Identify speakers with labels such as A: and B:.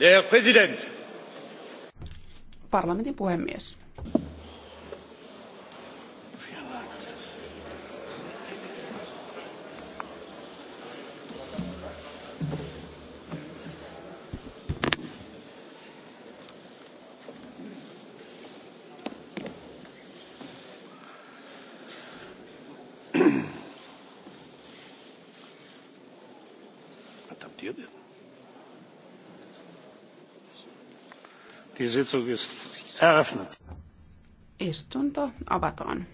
A: Der Präsident.
B: Parlamentin puhemies.
C: adaptiert werden. Istunto
D: avataan.